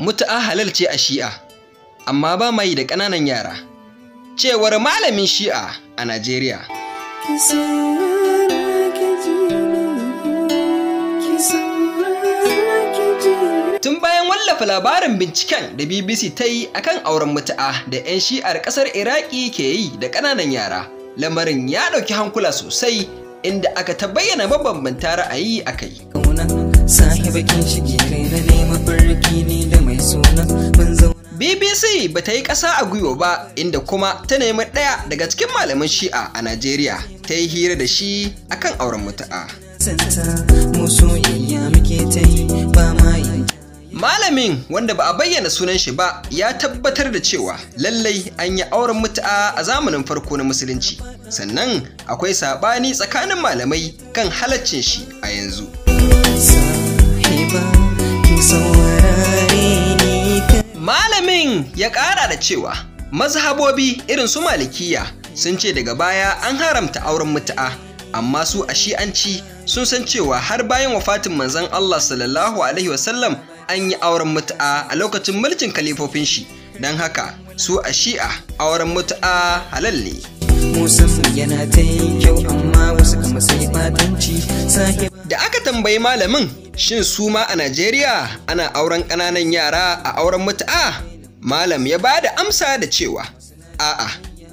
mutu'a halal ce a shi'a amma ba mai da ƙananan yara cewar malamin shi'a a najeriya tun bayan wallafa labarin binciken da bbc ta yi akan auren mutu'a da 'yan shi'ar ƙasar iraki ke yi da ƙananan yara lamarin ya ɗauki hankula sosai inda aka ta bayyana mabambanta ra'ayi a kai ne mai suna BBC ba ta yi ƙasa a gwiwa ba inda kuma ta nemi ɗaya daga cikin malaman shi'a a Najeriya ta yi hira da shi akan auren mutu'a. Malamin wanda ba a bayyana sunan shi ba ya tabbatar da cewa lallai an yi auren mutu'a a zamanin farko na musulunci sannan akwai saɓani tsakanin malamai kan halaccin shi a yanzu. Malamin ya ƙara da cewa mazhabobi irin su malikiya sun ce daga baya an haramta auren mutu'a amma su a shi'anci sun san cewa har bayan wafatin manzon Allah sallallahu alaihi wasallam an yi auren mutu'a a lokacin mulkin kalifofin shi don haka su a shi'a auren mutu'a halalle. ne. Musamman yana ta yi kyau amma wasu kuma sai sake tambayi malamin shin su ma a Najeriya ana auren ƙananan yara a auren mutu'a? Malam ya ba da amsa da cewa, a'a,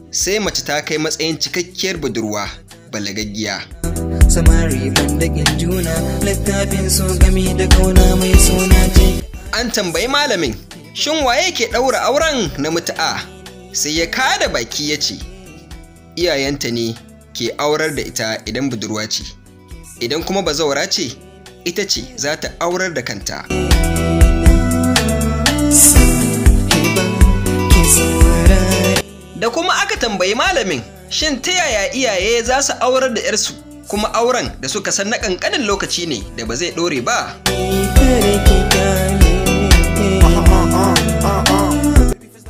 sai mace ta kai matsayin cikakkiyar budurwa balagaggiya. Samari bandakin juna, littafin so da kauna mai suna ce. An tambayi malamin, shin waye ke ɗaura auren na mutu'a? Sai ya da baki ya ce, iyayenta ne ke aurar da ita idan budurwa ce. idan kuma bazawara ce ita ce za ta aurar da kanta da kuma aka tambayi malamin shin ta yaya iyaye za su aurar da 'yarsu kuma auren da suka san na kankanin lokaci ne da ba zai dore ba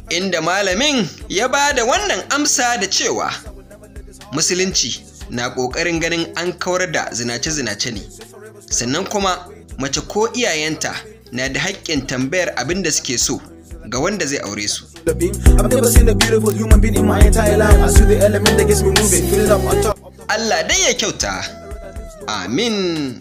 inda malamin ya ba da wannan amsa da cewa musulunci na ƙoƙarin ganin an kawar da zinace-zinace ne sannan kuma mace ko iyayenta na da haƙƙin tambayar abin da suke so ga wanda zai aure su Allah dai ya kyauta amin